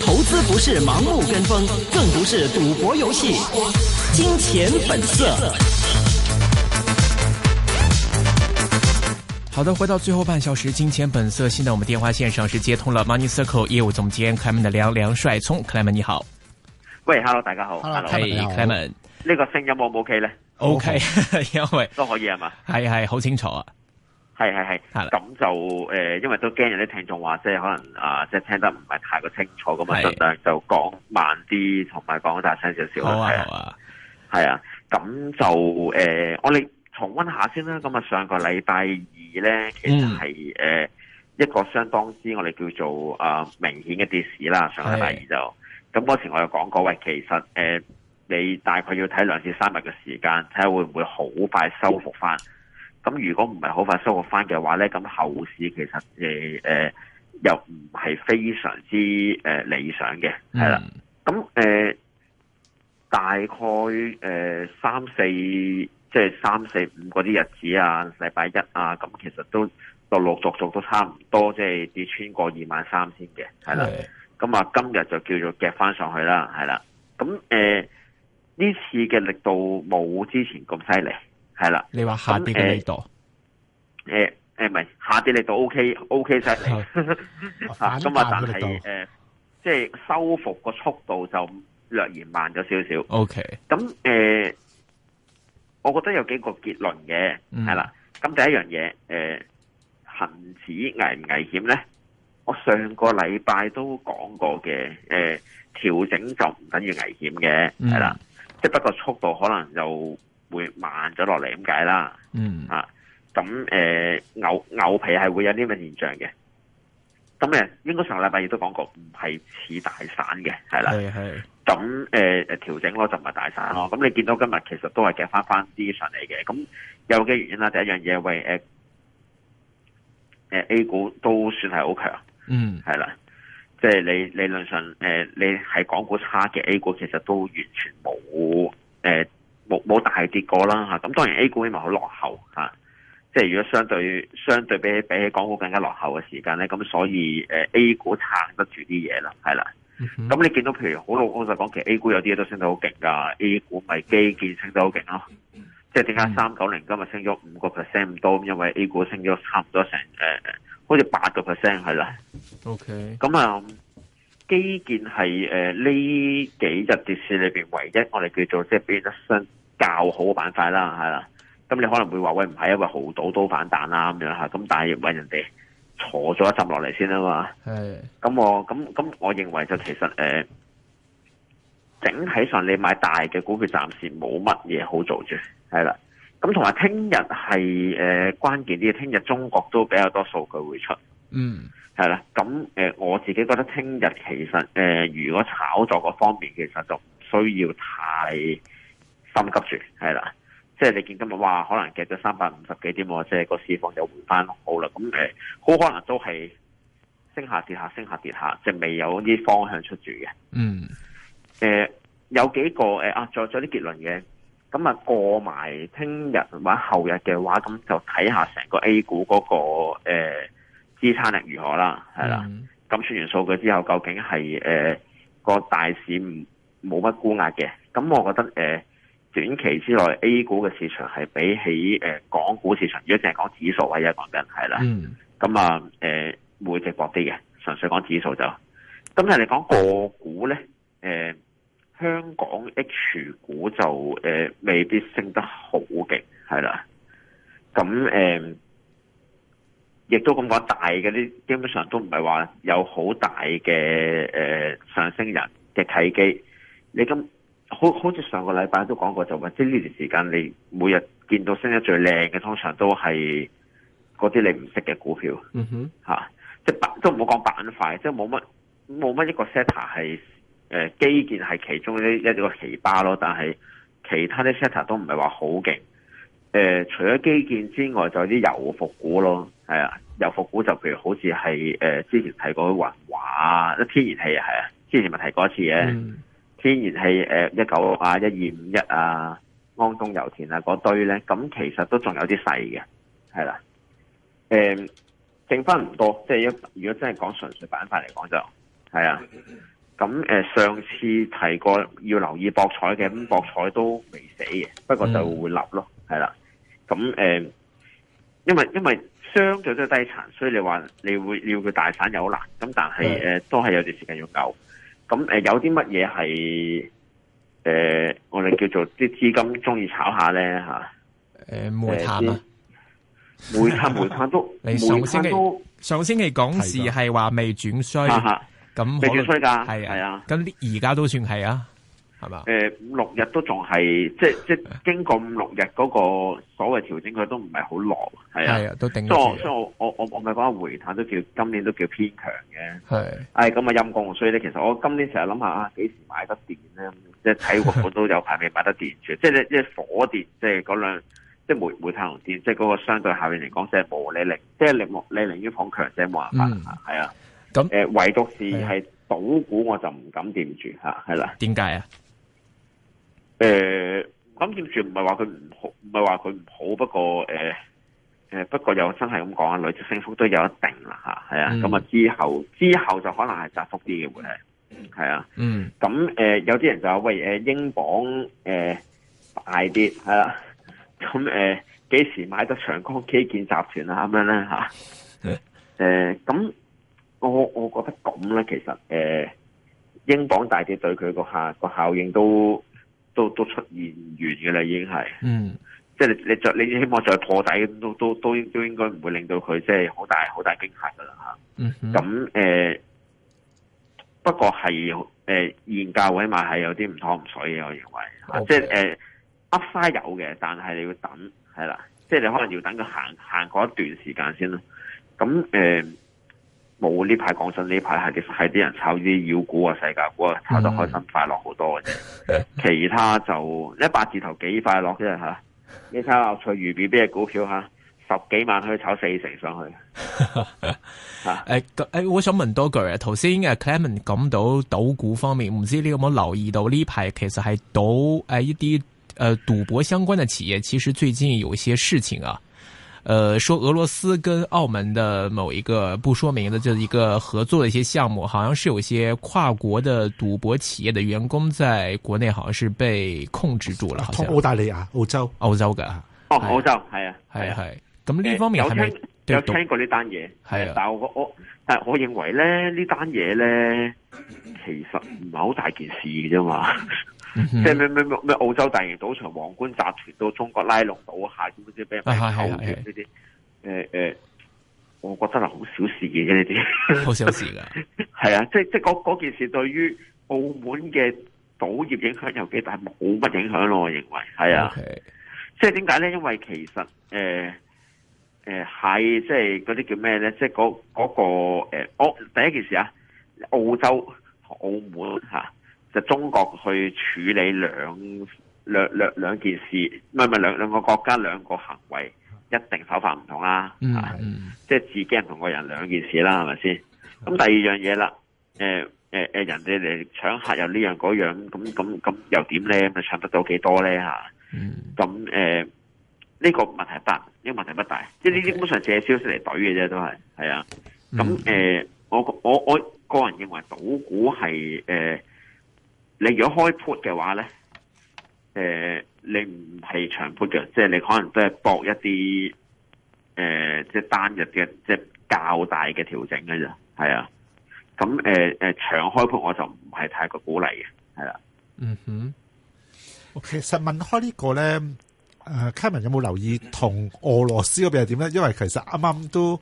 投資不是盲目跟風，更不是賭博遊戲。金錢本色。好的，回到最後半小時，金錢本色。現在我們電話線上是接通了 Money Circle 業務總監 Clement 的梁梁帥聰 Clement 你好。喂，Hello，大家好。Hello，Clement。呢個聲音 OK 呢？OK，因為都可以啊嘛。係係，好清楚啊。係係係，咁就誒、呃，因為都驚有啲聽眾話，即係可能啊、呃，即係聽得唔係太過清楚，咁啊，盡量就講慢啲，同埋講大聲少少。好啊，係啊，咁就誒、呃，我哋重溫下先啦。咁啊，上個禮拜二咧，其實係誒、嗯、一個相當之我哋叫做啊、呃、明顯嘅跌市啦。上個禮拜二就，咁嗰是時我又講過喎，其實誒、呃、你大概要睇兩至三日嘅時間，睇下會唔會好快收復返。咁如果唔係好快收復翻嘅話呢，咁後市其實誒誒、呃、又唔係非常之、呃、理想嘅，係啦。咁誒、mm. 呃、大概三四，即係三四五嗰啲日子啊，禮拜一啊，咁其實都陸陸續續都差唔多，即、就、係、是、跌穿過二萬三千嘅，係啦。咁啊、mm. 呃，今日就叫做夾翻上去啦，係啦。咁誒呢次嘅力度冇之前咁犀利。係啦，你話下跌嘅力度，誒誒唔係下跌力度 O K O K 晒，吓咁 啊但係誒，即係收復個速度就略而慢咗少少。O K，咁誒，我覺得有幾個結論嘅，係啦。咁第一樣嘢，誒、呃，恒指危唔危險咧？我上個禮拜都講過嘅，誒、呃，調整就唔等於危險嘅，係、嗯、啦，即係不過速度可能就。會慢咗落嚟咁解啦，嗯啊，咁誒、呃、牛牛皮係會有啲咁嘅現象嘅，咁誒，應該上個禮拜亦都講過，唔係似大散嘅，係啦，係係的，咁誒誒調整咯，就唔係大散咯，咁、哦嗯、你見到今日其實都係夾返返翻翻啲上嚟嘅，咁有嘅原因啦，第一樣嘢為誒誒 A 股都算係好強，嗯，係啦，即、就、係、是呃、你理論上誒你係港股差嘅 A 股，其實都完全冇誒。呃冇冇大跌過啦咁、啊、當然 A 股因為好落後、啊、即係如果相對相對比起比起港股更加落後嘅時間咧，咁所以、呃、A 股撐得住啲嘢啦，係啦、嗯哼。咁你見到譬如好老實講，其實 A 股有啲嘢都升得好勁噶，A 股咪基建升得好勁咯。即係點解三九零今日升咗五個 percent 咁多，因為 A 股升咗差唔多成、呃、好似八個 percent 係啦。OK，咁啊、嗯。基建係誒，呢幾日跌市裏邊唯一我哋叫做即係變得比較好嘅板塊啦，係啦。咁你可能會話喂，唔係因為豪賭都反彈啦、啊、咁樣吓，咁但係要搵人哋坐咗一陣落嚟先啊嘛。係是的、嗯。咁我咁咁、嗯嗯嗯、我認為就其實誒、呃、整體上你買大嘅股票暫時冇乜嘢好做住，係啦。咁同埋聽日係誒關鍵啲，聽日中國都比較多數據會出。嗯，係啦，咁誒、呃，我自己覺得聽日其實誒、呃，如果炒作個方面，其實就唔需要太心急住，係啦，即、就、係、是、你見今日話可能跌咗三百五十幾點，即係個市況就回翻好啦，咁誒，好、呃、可能都係升下跌下，升下跌下，即係未有啲方向出住嘅。嗯，誒、呃，有幾個誒、呃、啊，再咗啲結論嘅，咁啊，過埋聽日或者後日嘅話，咁就睇下成個 A 股嗰、那個誒。呃支撐力如何啦？係啦，咁出完數據之後，究竟係誒個大市唔冇乜沽壓嘅？咁我覺得誒、呃、短期之內 A 股嘅市場係比起誒、呃、港股市場，如果淨係講指數係一個問題啦。咁啊誒每隻薄啲嘅，純粹講指數就。咁但係你講個股咧，誒、呃、香港 H 股就誒、呃、未必升得好勁，係啦。咁誒。呃亦都咁講，大嘅啲基本上都唔係話有好大嘅誒、呃、上升人嘅契機。你咁好好似上個禮拜都講過，就話即係呢段時間，你每日見到升得最靚嘅，通常都係嗰啲你唔識嘅股票吓、嗯哼啊，即係都唔好講板塊，即係冇乜冇乜一個 setter 係、呃、基建係其中一一個奇葩咯。但係其他啲 setter 都唔係話好勁。誒、呃，除咗基建之外，就有啲油服股咯，係啊，油服股就譬如好似係誒，之前提過啲雲華啊，天然氣啊，係啊，之前咪提過一次嘅、嗯、天然氣誒，一九六啊，一二五一啊，安東油田啊，嗰堆咧，咁其實都仲有啲細嘅，係啦、啊，誒、呃，剩翻唔多，即係一如果真係講純粹板塊嚟講就係啊，咁誒、呃，上次提過要留意博彩嘅，咁博彩都未死嘅，不過就會立咯，係啦、嗯。咁誒、嗯，因為因為傷咗都低殘，所以你話你會要佢大反又好難。咁但係誒，嗯嗯，都係有段時間要夠。咁誒，呃，有啲乜嘢係誒，我哋叫做啲資金鍾意炒下咧嚇。誒，煤炭啊、呃，煤炭煤炭都。 你上星期上星期港市係話未轉衰，咁未的轉衰㗎，係啊的，咁而家都算係啊。誒、呃，五六日都仲係，即係即係經過五六日嗰個所謂調整，佢都唔係好落，係啊，都頂多。所以我我我我咪講下回彈都叫今年都叫偏強嘅。係是的、哎，咁啊陰功，所以咧，其實我今年成日諗下啊，幾時買得電咧？即係睇本都有排未買得電住， 即係即係火電，即係嗰兩，即係煤煤炭同電，即係嗰個相對下邊嚟講，即係無你零，即係你無你寧願放強者冇辦法，係啊樣。咁誒，唯獨是係賭股，我就唔敢掂住吓，係啦的。點解啊？誒，咁接、呃、住唔係話佢唔好，唔係話佢唔好。不過誒誒、呃，不過又真係咁講啊，累計升幅都有一定啦吓，係啊。咁啊之後之後就可能係窄幅啲嘅會係，啊，嗯。咁、呃、誒，有啲人就話喂，誒，英鎊誒大啲，係啦、啊，咁誒幾時買得長江基建集團啊咁樣咧吓？誒、啊，咁、 呃、我我覺得咁咧，其實誒、呃，英鎊大跌對佢個個效應都。都都出現完嘅啦，已經係，嗯哼，即係你你再你希望再破底，都都都應都應該唔會令到佢即係好大好大驚嚇噶啦，嗯，咁哼誒、呃、不過係誒、呃、現價，起碼係有啲唔妥唔水嘅，我認為、嗯、哼即係呃 upside 有嘅，但係你要等係啦，即係你可能要等佢行行過一段時間先囉，咁誒。呃冇，呢排講真，呢排係啲係啲人炒啲妖股啊、世界股啊，炒得開心快樂好多嘅啫。嗯、其他就一百字頭幾快樂啫吓、啊，你睇下除魚 B B 嘅股票吓、啊，十幾萬可以炒四成上去。誒呵，誒、啊哎，我想問多句啊，頭先阿 Clement 講到賭股方面，唔知你有冇留意到呢排其實係賭誒一啲誒賭博相關嘅企業，其實最近有一些事情啊。呃說俄羅斯跟澳門的某一個不說明的，就是一個合作的一些項目，好像是有些跨國的賭博企業的員工在國內，好像是被控制住了。澳大利亞、澳洲、澳洲的，哦，澳洲係啊，係係。咁呢方面係咪有聽過呢單嘢？係啊，但係我我但係我認為咧呢單嘢咧，其實唔係好大件事嘅啫嘛。嗯、即係咩咩咩咩？澳洲大型賭場皇冠集團到中國拉攏到下，咁不知俾人買走嘅呢啲？誒誒、啊，我覺得係好小事嘅呢啲，好小事噶。係啊， 即係即係嗰件事對於澳門嘅賭業影響有幾大？冇乜影響咯，我認為係啊。Okay. 即係點解咧？因為其實誒誒係，即係嗰啲叫咩咧？即係嗰嗰個誒、呃哦，第一件事啊，澳洲澳門吓。啊就中國去處理兩兩兩兩件事，唔係唔係兩兩個國家兩個行為，一定手法唔同啦。嚇，即係自己人同個人兩件事啦，係咪先？咁第二樣嘢啦，誒誒誒，人哋嚟搶客又呢樣嗰樣，咁咁咁又點咧？咪搶得到幾多咧？嚇、嗯，咁誒呢個問題不大，呢、這個問題不大，嗯、即係呢啲基本上借消息嚟對嘅啫，都係係啊。咁誒，我我我個人認為賭是，賭股係誒。你如果開 put 嘅話咧，誒、呃，你唔係長 put 嘅，即係你可能都係搏一啲，誒、呃，即係單日嘅即係較大嘅調整嘅咋，係啊，咁誒誒長開 put 我就唔係太過鼓勵嘅，係啦，嗯哼，okay，其實問開個呢個咧，誒，Kevin 有冇留意同俄羅斯嗰邊係點咧？因為其實啱啱都。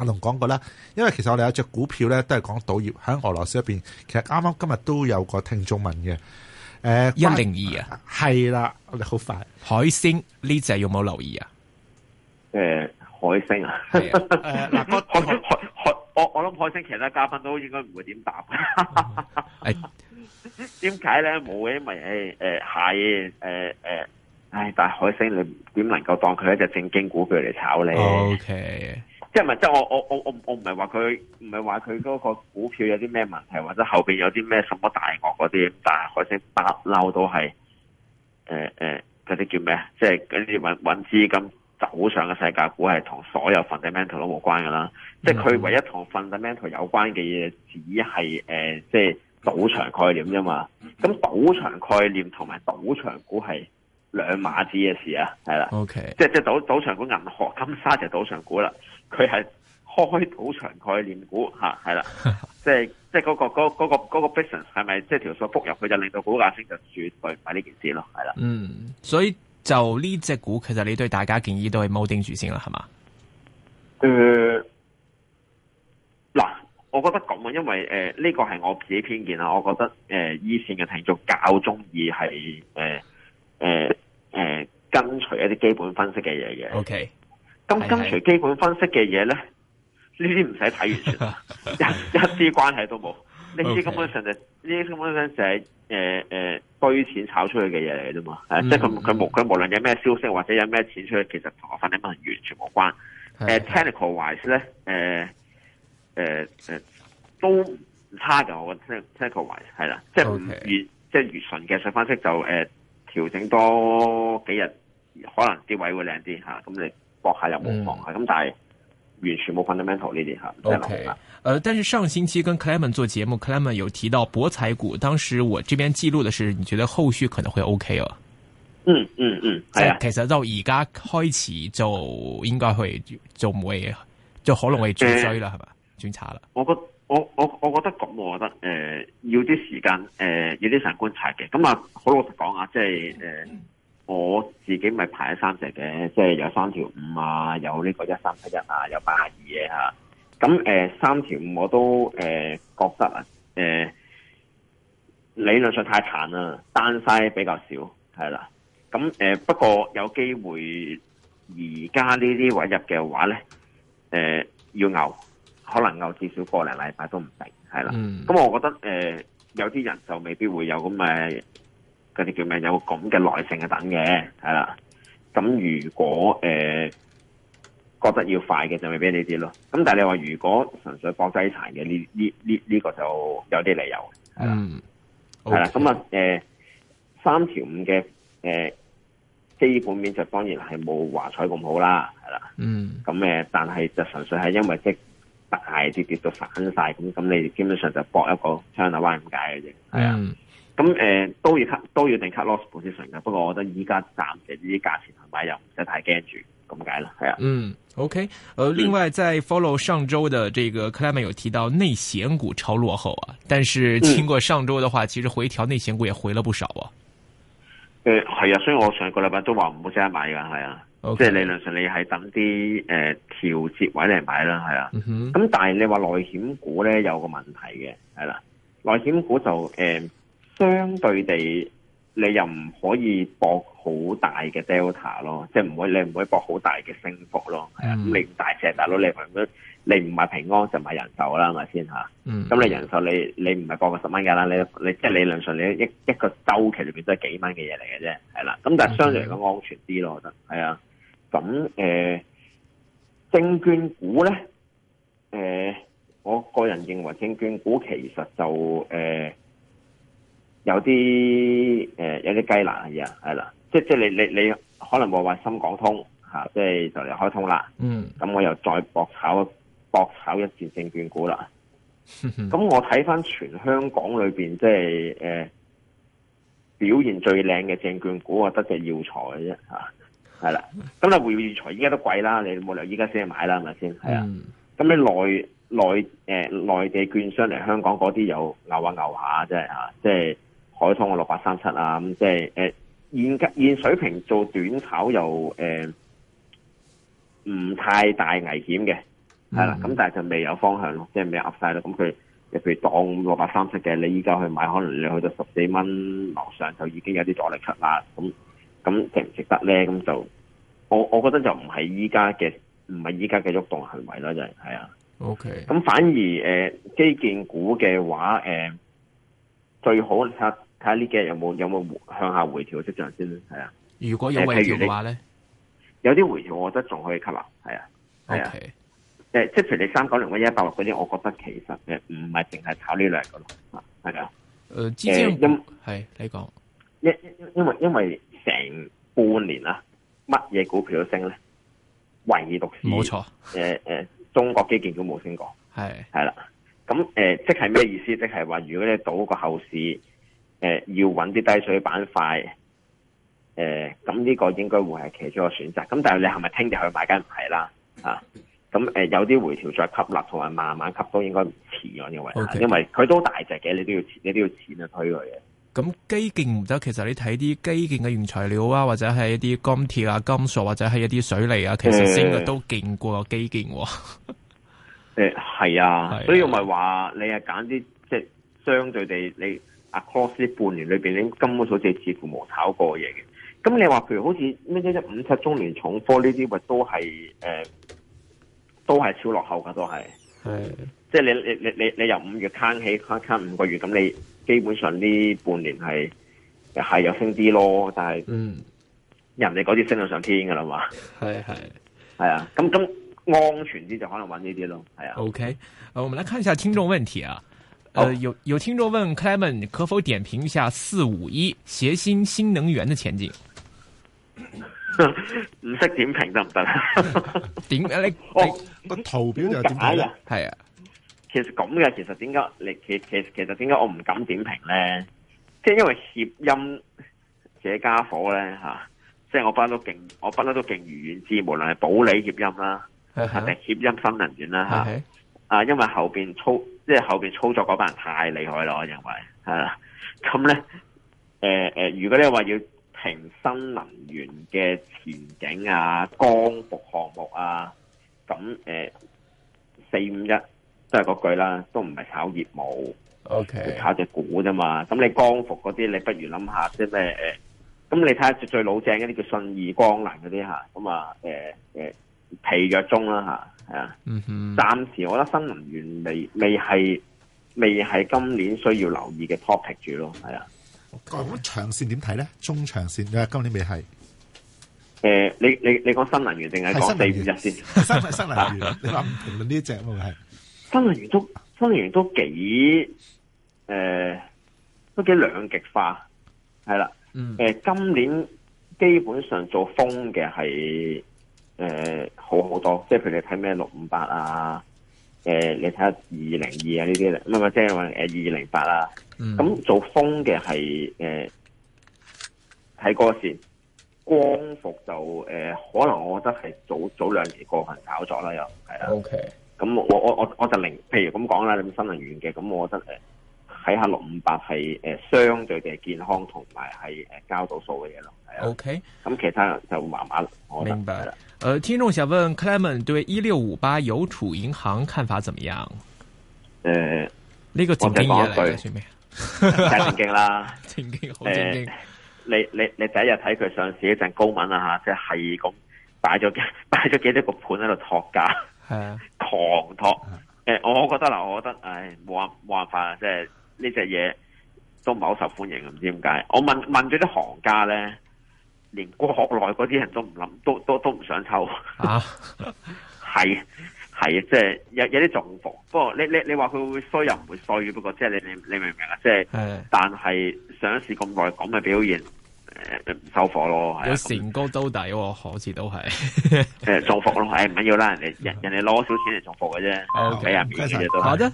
阿龍講過啦，因為其實我哋有隻股票咧，都係講賭業喺俄羅斯入邊。其實啱啱今日都有個聽眾問嘅，誒、呃，一零二啊，係、啊、啦，我哋好快海星呢隻有冇留意啊？誒、呃，海星啊，誒嗱，我我我我我諗海星其他嘉賓都應該唔會點答。誒、嗯，點解咧？冇嘅，因為誒誒係蟹誒誒，唉、哎哎哎哎哎，但係海星你點能夠當佢一隻正經股票嚟炒咧？O K。Okay. 即係唔即係我我我我我唔係話佢唔係話佢嗰個股票有啲咩問題，或者後邊有啲咩什麼大鱷嗰啲，但係佢先不嬲都係誒誒嗰啲叫咩啊？即係嗰啲搵搵資金賭上嘅世界股係同所有 fundamental 都冇關噶啦，即係佢唯一同 fundamental 有關嘅嘢只係誒、呃、即係賭場概念啫嘛。咁賭場概念同埋賭場股係兩碼子嘅事啊，係啦。OK，即係即係賭賭場股、銀河金沙就係賭場股啦。佢係開賭場概念股吓，係啦， 即係、嗰個嗰個、即係嗰個嗰嗰個嗰個 business 係咪即係條數覆入去就令到股價升就絕對唔係呢件事咯，係啦。嗯，所以就呢隻股其實你對大家建議都係 moding 住先啦，係嘛？誒，嗱，我覺得咁啊，因為誒呢、呃這個係我自己偏見啦，我覺得誒，以前嘅聽眾較中意係誒誒誒跟隨一啲基本分析嘅嘢嘅。O K。咁跟隨基本分析嘅嘢咧，呢啲唔使睇完全 一，一一啲關係都冇。呢啲根本上就呢啲根本上就係誒誒堆錢炒出去嘅嘢嚟嘅啫嘛。啊嗯、即係佢佢無佢無論有咩消息或者有咩錢出去，其實同我 fundamental 完全冇關。誒是、uh, technical wise 呢，誒、呃、誒、呃呃、都唔差㗎。我覺得 technical wise 係啦，即係越 Okay. 即係如純嘅技術分析就誒調、呃、整多幾日，可能啲位會靚啲吓咁你。啊嗯博下又冇忙啊！咁、嗯、但係完全冇 fundamental 呢啲吓，真係冇啦。呃，但係上星期跟 Clement 做節目，Clement 有提到博彩股，當時我這邊記錄嘅係，你覺得後續可能會 OK 哦、啊嗯？嗯嗯嗯，係啊，其實就而家開始就應該會就唔會，就可能會追追啦，係嘛、嗯，轉、呃、查啦。我覺我我我覺得咁，我覺得誒要啲時間，誒要啲時間觀察嘅。咁啊，好老實講啊，即係誒。呃嗯我自己咪排咗三隻嘅，即係有三條五啊，有呢個一三七一,一啊，有八十二嘅、啊、嚇。咁誒、呃、三條五我都誒、呃、覺得啊，誒、呃、理論上太殘啦，單西比較少，係啦。咁誒、呃、不過有機會而家呢啲位入嘅話咧，誒、呃、要牛，可能牛至少個零禮拜都唔定，係啦。咁、嗯、我覺得誒、呃、有啲人就未必會有咁誒。啲叫咩？有咁嘅耐性嘅等嘅，係啦。咁如果誒、呃、覺得要快嘅，就咪俾呢啲咯。咁但係你話如果純粹搏雞殘嘅呢呢呢呢個就有啲理由，係啦，係啦、um, okay.。咁啊，誒、呃、三條五嘅誒、呃、基本面就當然係冇華彩咁好啦，係啦。嗯。咁誒，但係就純粹係因為即大跌跌到反晒，咁咁你基本上就搏一個窗頭彎咁解嘅啫，係啊。Um, 咁誒、嗯呃、都要 cut 都要定 cut loss position 嘅，不過我覺得依家暫時呢啲價錢嚟買又唔使太驚住咁解啦，係啊。嗯，OK、呃。誒，另外再 follow 上周的這個 Clement 有提到內險股超落後啊，但是經過上周的話，嗯、其實回調內險股也回了不少啊。誒係、呃、啊，所以我上個禮拜都話唔好即刻買噶，係啊。Okay. 即係理論上你係等啲誒、呃、調節位嚟買啦，係啊。咁、嗯、哼但係你話內險股咧有個問題嘅，係啦、啊，內險股就誒。呃相對地，你又唔可以博好大嘅 delta 咯，即係唔會，你唔可以博好大嘅升幅咯。係啊、mm.，你大隻大佬你唔，你唔買平安就買人壽啦，係咪先吓？咁、hmm. 你人壽你你唔係博過十蚊噶啦，你你即係理論上你一個一個周期裏邊都係幾蚊嘅嘢嚟嘅啫，係啦。咁但係相對嚟講安全啲咯，我覺得係啊。咁、hmm. 誒、呃，證券股咧，誒、呃，我個人認為證券股其實就誒。呃有啲誒、呃、有啲雞肋嘅嘢，係啦，即即你你你可能冇話深港通、啊、即係就嚟開通啦。嗯，咁我又再博炒博炒一啲證券股啦。咁呵我睇翻全香港裏面，即係、呃、表現最靚嘅證券股，我得隻耀才嘅啫，係啦，咁你會耀才依家都貴啦，你冇理由依家先買啦，係咪先？係啊。咁、嗯、你內內、呃、內地券商嚟香港嗰啲又牛啊牛下，即啊，即係。啊即海通嘅六百三七啊，咁即係誒、呃、現價現水平做短炒又誒唔、呃、太大危險嘅，係啦、mm。咁、hmm. 但係就未有方向咯，即係未壓晒咯。咁佢譬如當六百三七嘅，你依家去買，可能你去到十四蚊樓上就已經有啲阻力出啦。咁咁值唔值得咧？咁就我我覺得就唔係依家嘅，唔係依家嘅喐動行為啦。就係係啊。OK，咁反而誒、呃、基建股嘅話誒、呃，最好睇下呢幾日有冇有冇向下回調嘅跡象先，係啊。如果有回調嘅話咧，有啲回調我覺得仲可以吸納，係啊，係啊。誒，即係譬如你三九零、嗰一百六嗰啲，我覺得其實誒唔係淨係炒呢兩個咯，係啊。誒、呃，係你講。因為因為因為成半年啦，乜嘢股票都升咧，唯獨冇錯。誒誒、呃，中國基建都冇升過，係係啦。咁誒、呃，即係咩意思？即係話如果你賭個後市。誒、呃，要揾啲低水板塊，誒、呃，咁呢個應該會係其中一個選擇。咁但係你係咪聽日去買梗唔係啦？啊，咁誒、呃，有啲回調再吸納，同埋慢慢吸都應該唔遲啊，因為佢都大隻嘅，你都要你都要錢去推佢嘅。咁基建唔得，其實你睇啲基建嘅原材料啊，或者係一啲鋼鐵啊、金屬或者係一啲水泥啊，其實升嘅都勁過基建。誒、呃，係、 呃、啊，啊所以我咪話你係揀啲即係相對地你。啊，cross 呢半年裏邊，你根本數字似乎冇炒過嘢嘅。咁你話譬如好似咩一五七中聯重科呢啲，咪都係誒，都係超落後噶，都係。係的。即係你你你你你由五月 cut 起 cut cut 五個月，咁你基本上呢半年係係有升啲咯，但係嗯，人哋嗰啲升到上天噶啦嘛。係係係啊，咁咁的的安全啲就可能搵呢啲咯。係、okay。啊。O K，我們來看一下聽眾問題啊。誒、哦呃，有有聽眾問 Clement 可否點評一下四五一協鑫新能源的前景？唔識 點評得唔得？ 點啊？你個圖表就假嘅，係啊。其實咁嘅，其實點解你其其其實點解我唔敢點評咧？即係因為協鑫，這家伙咧吓，即、啊、係、就是、我班都勁，我不嬲都勁如遠之，無論係保利協鑫啦，係咪協鑫新能源啦吓？啊,是是啊，因為後邊粗。即係後邊操作嗰班人太厲害咯，我認為係啦。咁咧，誒誒、呃，如果你話要評新能源嘅前景啊，光伏項目啊，咁誒四五一都係嗰句啦，都唔係炒業務，OK，炒隻股啫嘛。咁你光伏嗰啲，你不如諗下即咩誒，咁、呃、你睇下最老正一啲叫信義光能嗰啲吓，咁、呃呃、啊，誒誒疲弱中啦吓。係啊，嗯哼，暫時我覺得新能源未未係未係今年需要留意嘅 topic 住咯，係啊。咁長線點睇咧？中長線誒，今年未係。誒、呃，你你你講新能源定係講四五一先？新新能源，能源 你冇評論呢隻咯，係 。新能源都新能源都幾誒、呃，都幾兩極化，係啦。誒、嗯呃，今年基本上做風嘅係。誒、呃，好好多，即係譬如你睇咩六五八啊，誒、呃，你睇下二零二啊呢啲，係咪？即係話誒二零八啊，咁、啊 mm hmm. 做風嘅係誒喺嗰個光伏就誒、呃、可能我覺得係早早兩年過份炒作啦又，係啊 Okay.，咁我我我我就零，譬如咁講啦，咁新能源嘅，咁我覺得誒睇、呃、下六五八係誒相對嘅健康同埋係誒交到數嘅嘢咯。O K，咁其他人就麻麻啦。我明白啦。誒、呃，聽眾想問 Clement 對一六五八郵儲銀行看法怎麼樣？誒、呃，呢個正經嘢嚟嘅。我再講一句，正經啦。正經好正經。呃、你你你，你第一日睇佢上市嗰陣高文啊吓，即係咁擺咗嘅，擺咗幾多個，個盤喺度托價。係啊。狂托。誒、呃，我覺得啦，我覺得，唉、哎，冇冇辦法啊，即係呢隻嘢都唔係好受歡迎，唔知點解。我問問咗啲行家咧。連國內嗰啲人都唔諗，都都都唔想抽啊！係係，即係有有啲中伏。不過你你你話佢會衰又唔會衰，不過即係你你你明唔明啊？即係，但係上一次咁耐咁嘅表現，誒唔收貨咯。有成高兜底喎，好似都係中伏咯，係唔緊要啦。人哋人哋攞少錢嚟中伏嘅啫。O K，好嘅，